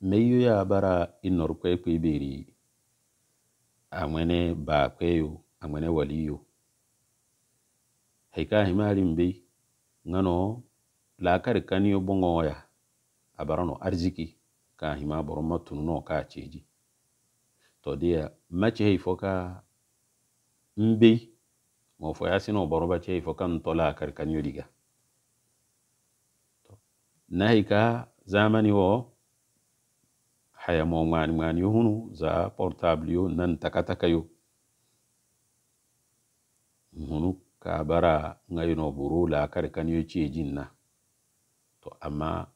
meiyo ya bara inorkwekwe ibiri amwene yo amwene waliyo haikahimali mbei ngano lakari kaniyo bongoya abarano arziki kahima boro matununo ka ceji to dia ka hei foka mbei mo fo yasino boro bace hei foka ntola lakari kaniyo diga na haika zamani wo hayamo ŋmani mani hunu za portable yo nan takataka yo hunu ka bara no buru kan yo ce na to amma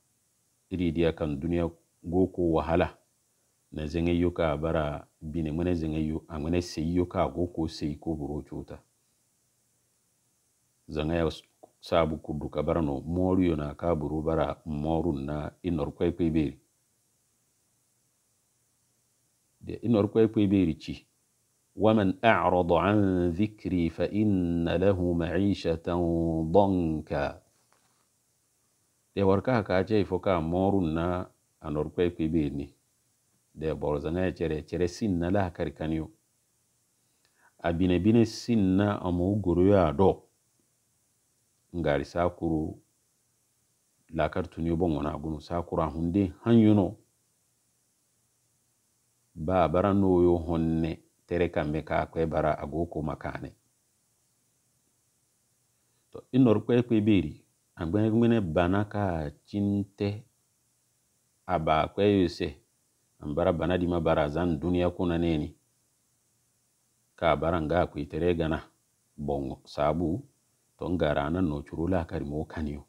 iri dia kan duniya goko wahala na yo ka bara bine ŋmene yo a ŋmene yo ka goko seyi ko buru cuta zaŋaya sabu kurdu bara no moru yo na ka buru bara moru na inor kwai beri inor ko epo iberici waman a'rada an dhikri fa inna lahu ma'ishatan danka da warka ka ce ifoka morun na anor ko epo ibeni de borzana chere sin na la karkaniyo abine bine na amu ya do ngari sakuru lakar tuniyo bongona gunu sakura hunde hanyuno ba bara noyo honne tere kamɓe ka koye bara ago ko makane to inor kwe kwe biri agbene bana ka cinte aba kwe yose an bara bana dima bara zan duniya kuna neni ka bara nga kwe tere gana bongo sabu to ngara nan no curula kari mo kaniyo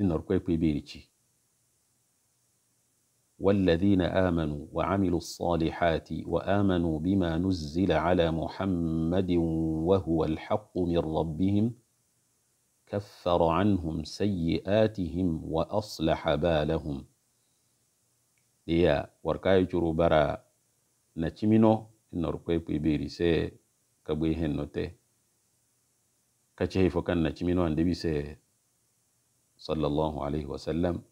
inor kwe kwe biri ci والذين آمنوا وعملوا الصالحات وآمنوا بما نزل على محمد وهو الحق من ربهم كفر عنهم سيئاتهم وأصلح بالهم ليا وركاي جرو برا نتشمينو نوركوي بيبيري سي كبوي هنوتي كاتشي فوكان نتشمينو عند بيسي صلى الله عليه وسلم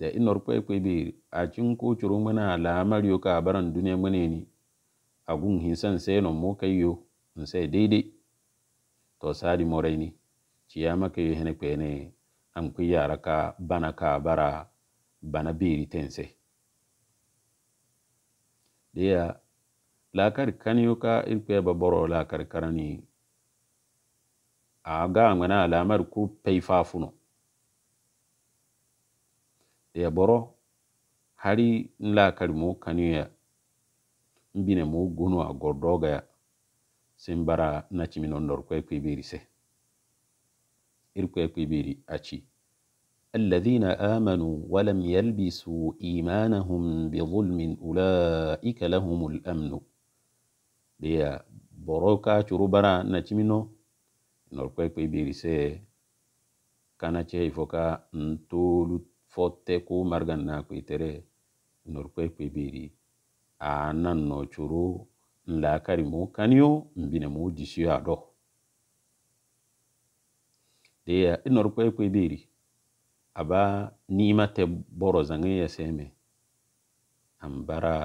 da inar kwe kwe be a cin ko curu mana lamar yau ka baran duniya mune ne a gun hinsan sai no mo kayo in sai daidai to sadi morai ci ya maka yi hene kwe ne an kwi yara ka bana ka bara bana biri tense dia lakar yau ka irkwe baboro lakar karani a ga mana lamar ku pei ya boro hari nla kari mo kaniya mbine mo gunu a gordoga ya sin bara na cimi nondor kwe kwibiri se ir kwe kwibiri aci الذين آمنوا ولم يلبسوا إيمانهم بظلم أولئك لهم الأمن ليا بروكا شروبرا نتمنو نور كوي بيريسي كانا تشيفوكا نتولو fotte ku margan na ku itere norkwe ku ibiri a nan no churu nda kari mu kanio mbine mu jisiyo ado deya inorkwe ku ibiri aba nima te boro zange ya seme ambara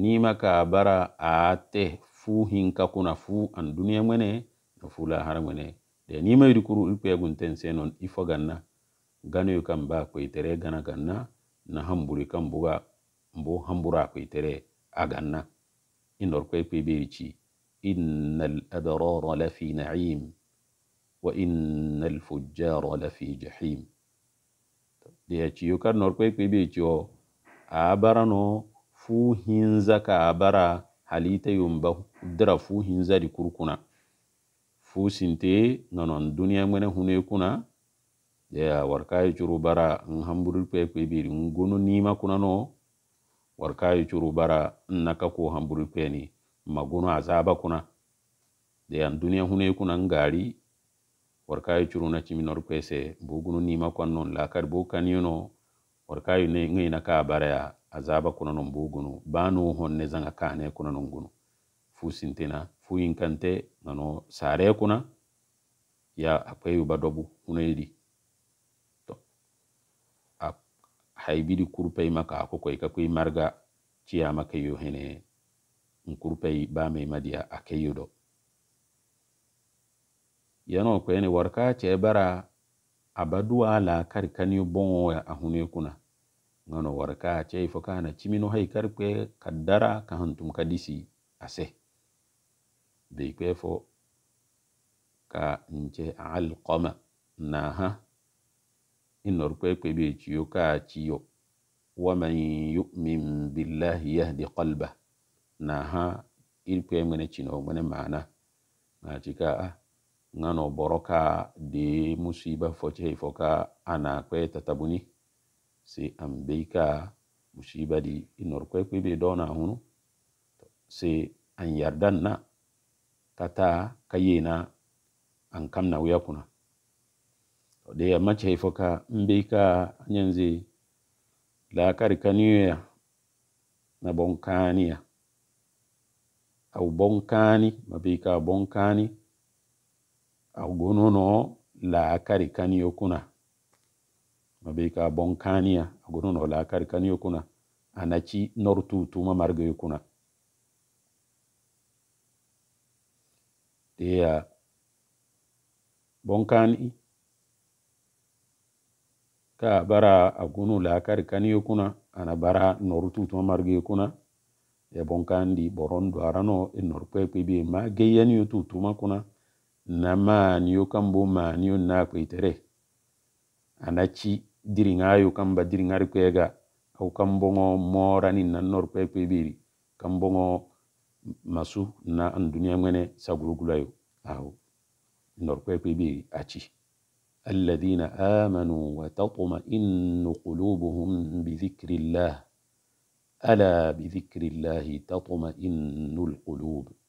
nima ka bara ate fu hinka kuna fu an duniya mwene na fu lahara mwene de nima yudikuru ilpe gunten senon ifo ganna gano kan ba itere gana ganna na hamburi kan buga mbo hambura itere a ganna inor kwai kwai berici innal adrara lafi na'im wa innal fujjara lafi jahim da ya ciyo kan nor kwai kwai berici o a bara no fu hinza ka a bara halita yumba dira fu hinza di kurkuna fu sinte nanon duniya mana hune kuna yeya war kayi curu bara n hamburir pe kuibiri n gunu nima kunano war kayi curu bara n naka ku hamburir peni ma gunu azaba kuna deyan duniya hune kuna n gari war kayi curu na ciminor kuese bo gunu nima kwan non lakari bo kaniyono war kayi ngina ka baraya azaba kuna non bo gunu banu hon ne zanga kane kuna non gunu fu sintina fu yinkante nano sare kuna ya akwai yuba dobu hune yidi haybiɗi kurpeyma ka ko koye ka kuy marga ciyama keyo hene n kurpey bamey madiya a keyuɗo yano ko ene warka ce bara abaduwa la kari kaniyo bonwoya a hune kuna ngano warka ce fo kana cimino hay kari kwe kaddara ka hantum kadisi a se beykwe fo ka nce alkoma naha inorkwekpebe chiyo ka chiyo waman yu'min billahi yahdi qalba na ha irkwe mene chino mene mana na chika ah ngano boroka de musiba foche foka ana kwe tatabuni se ambeika musiba di inorkwekpebe dona hunu se an yardan na kata kayena an kamna wuya kuna de macha ifoka mbika nyenzi la karikaniya na bonkaniya au bonkani mabika bonkani au gonono la karikaniyo kuna mabika bonkaniya gonono la karikaniyo kuna anachi nortu tuma margayo kuna deya bonkani ka bara a kunu laakari kani ye kuna ana bara nɔru tutuma marigi ye kuna ya e bon kan di bɔrɔ n dɔra nɔ e nɔru kpɛ kpɛ bɛ e ma geyani ye tutuma kuna na ma ni yo kan bo ma ni yo na kpɛ tɛrɛ ana ci diriŋa yo kan ba diriŋari kpɛ ga aw kan bɔŋɔ mɔra ni na nɔru kpɛ kpɛ bɛ kan bɔŋɔ masu na an duniya ŋmɛnɛ sagulogula yo awo nɔru kpɛ kpɛ bɛ a ci. الذين آمنوا وتطمئن قلوبهم بذكر الله ألا بذكر الله تطمئن القلوب